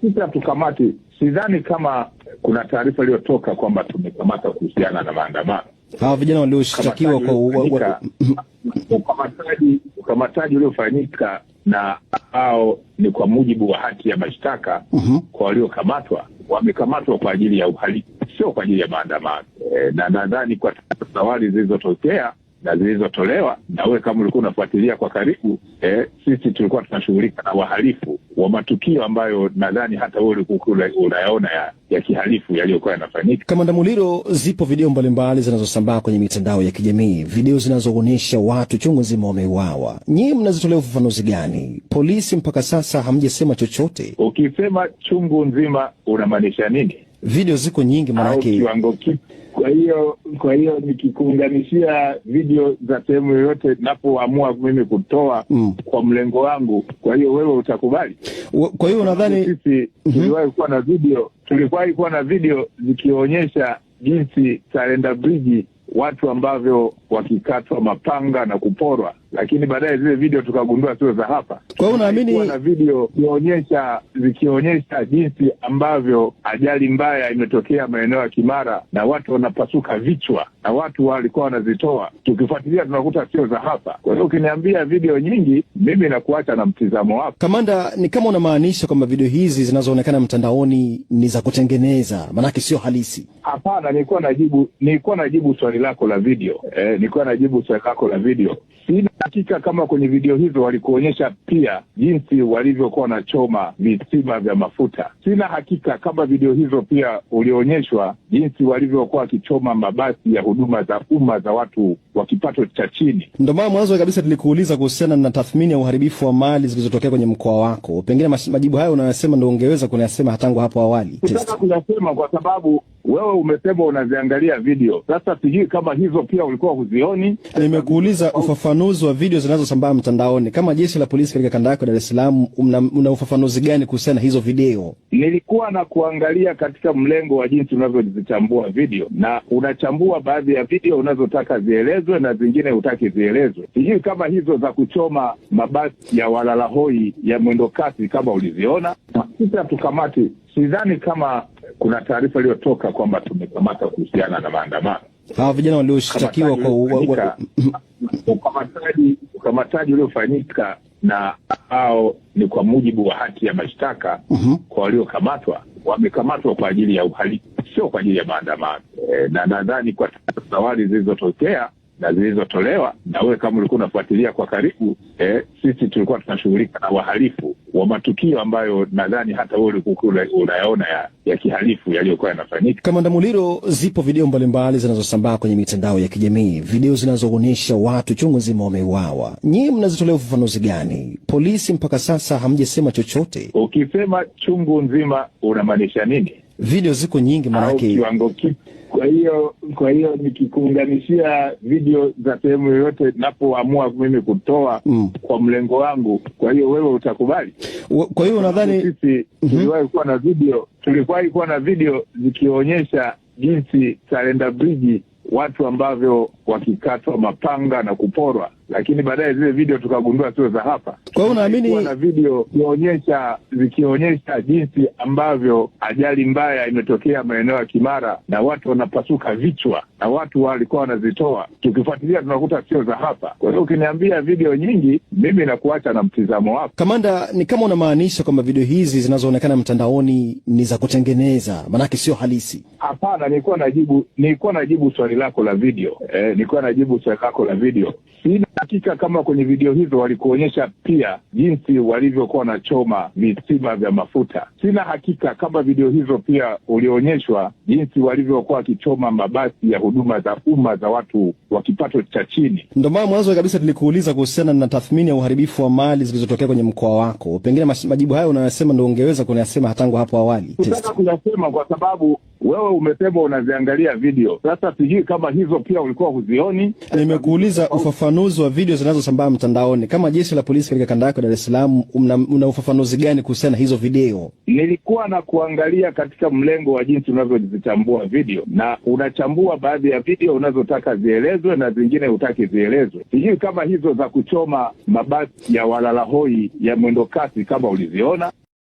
sisi hatukamati, sidhani kama kuna taarifa iliyotoka kwamba tumekamata kuhusiana na maandamano. Hawa vijana walioshtakiwa kwa ukamataji, ukamataji uliofanyika na ao ni kwa mujibu wa hati ya mashtaka. Uhum. Kwa waliokamatwa wamekamatwa kwa ajili ya uhalifu, sio kwa ajili ya maandamano. E, na nadhani kwa sawali zilizotokea na zilizotolewa, na wewe kama ulikuwa unafuatilia kwa karibu eh, sisi tulikuwa tunashughulika na wahalifu wa matukio ambayo nadhani hata wewe ulikuwa unayaona ya, ya kihalifu yaliyokuwa yanafanyika. Kamanda Muliro, zipo video mbalimbali zinazosambaa kwenye mitandao ya kijamii, video zinazoonyesha watu chungu nzima wameuawa. Nyinyi mnazitolea ufafanuzi gani? Polisi mpaka sasa hamjasema chochote. Ukisema chungu nzima unamaanisha nini? video ziko nyingi manake kiwango kipi? Kwa hiyo kwa hiyo nikikuunganishia video za sehemu yoyote napoamua mimi kutoa mm. kwa mlengo wangu, kwa hiyo wewe utakubali. Kwa hiyo unadhani sisi mm -hmm. tuliwahi kuwa na video tuliwahi kuwa na video zikionyesha jinsi Selander Bridge watu ambavyo wakikatwa mapanga na kuporwa, lakini baadaye zile video tukagundua sio za hapa. Kwa hiyo unaamini na video zikionyesha zikionyesha jinsi ambavyo ajali mbaya imetokea maeneo ya Kimara na watu wanapasuka vichwa na watu walikuwa wanazitoa, tukifuatilia tunakuta sio za hapa. Kwa hiyo ukiniambia video nyingi, mimi nakuacha na mtizamo wako. Kamanda, ni kama unamaanisha kwamba video hizi zinazoonekana mtandaoni ni za kutengeneza, maanake sio halisi? Hapana, nilikuwa najibu nilikuwa najibu swali lako la video eh, nilikuwa najibu swali lako la video. Sina hakika kama kwenye video hizo walikuonyesha pia jinsi walivyokuwa wanachoma visima vya mafuta. Sina hakika kama video hizo pia ulionyeshwa jinsi walivyokuwa wakichoma mabasi ya huduma za umma za watu wa kipato cha chini. Ndio maana mwanzo kabisa tulikuuliza kuhusiana na tathmini ya uharibifu wa mali zilizotokea kwenye mkoa wako. Pengine majibu hayo unayosema ndio ungeweza kunayasema tangu hapo awali, kuyasema kwa sababu wewe umesema unaziangalia video, sasa sijui kama hizo pia ulikuwa huzioni. Nimekuuliza ufafanuzi wa video zinazosambaa mtandaoni, kama jeshi la polisi katika kanda yako Dar es Salaam, una ufafanuzi gani kuhusiana na hizo video? Nilikuwa na kuangalia katika mlengo wa jinsi unavyozichambua video, na unachambua baadhi ya video unazotaka zielezwe na zingine hutaki zielezwe. Sijui kama hizo za kuchoma mabasi ya walalahoi ya mwendo kasi kama uliziona. Sisi hatukamati Sidhani kama kuna taarifa iliyotoka kwamba tumekamata kuhusiana na maandamano. Hawa vijana walioshtakiwa kwa ukamataji, ukamataji uliofanyika na ambao ni kwa mujibu wa hati ya mashtaka. uh mhm. -huh. Kwa waliokamatwa, wamekamatwa kwa ajili ya uhalifu, sio kwa ajili ya maandamano. E, na nadhani kwa zawali zilizotokea na zilizotolewa na wewe kama ulikuwa unafuatilia kwa karibu e, sisi tulikuwa tunashughulika na wahalifu wa matukio ambayo nadhani hata wewe ulikuwa unayaona ya, ya kihalifu yaliyokuwa yanafanyika. Kamanda Muliro, zipo video mbalimbali zinazosambaa kwenye mitandao ya kijamii, video zinazoonyesha watu chungu nzima wameuawa. nyi mnazitolea ufafanuzi gani? Polisi mpaka sasa hamjasema chochote. Ukisema chungu nzima unamaanisha nini? video ziko nyingi manake kiwango kwa hiyo kwa hiyo nikikuunganishia video za sehemu yoyote napoamua mimi kutoa mm. kwa mlengo wangu, kwa hiyo wewe utakubali. Kwa hiyo unadhani sisi mm -hmm. tuliwahi kuwa na video tuliwahi kuwa na video zikionyesha jinsi talenda Bridge watu ambavyo wakikatwa mapanga na kuporwa lakini baadaye zile video tukagundua sio za hapa. Kwa hiyo unaamini na video zikionyesha zikionyesha jinsi ambavyo ajali mbaya imetokea maeneo ya Kimara na watu wanapasuka vichwa na watu walikuwa wanazitoa, tukifuatilia tunakuta sio za hapa. Kwa hiyo ukiniambia video nyingi, mimi nakuacha na mtizamo wako. Kamanda, ni kama unamaanisha kwamba video hizi zinazoonekana mtandaoni ni za kutengeneza, maanake sio halisi? Hapana, nilikuwa najibu nilikuwa najibu swali lako la video eh, nilikuwa najibu swali lako la video sina Hakika kama kwenye video hizo walikuonyesha pia jinsi walivyokuwa wanachoma visima vya mafuta. Sina hakika kama video hizo pia ulionyeshwa jinsi walivyokuwa wakichoma mabasi ya huduma za umma za watu wa kipato cha chini. Ndio maana mwanzo kabisa tulikuuliza kuhusiana na tathmini ya uharibifu wa mali zilizotokea kwenye mkoa wako. Pengine majibu hayo unayosema ndio ungeweza kunayasema tangu hapo awali, kutaka kuyasema kwa sababu wewe umesema unaziangalia video, sasa sijui kama hizo pia ulikuwa huzioni. Nimekuuliza ufafanuzi wa video zinazosambaa mtandaoni, kama jeshi la polisi katika kanda yako Dar es Salaam, una, una ufafanuzi gani kuhusiana na hizo video? Nilikuwa na kuangalia katika mlengo wa jinsi unavyozichambua video, na unachambua baadhi ya video unazotaka zielezwe na zingine hutaki zielezwe. Sijui kama hizo za kuchoma mabasi ya walalahoi ya mwendokasi kama uliziona.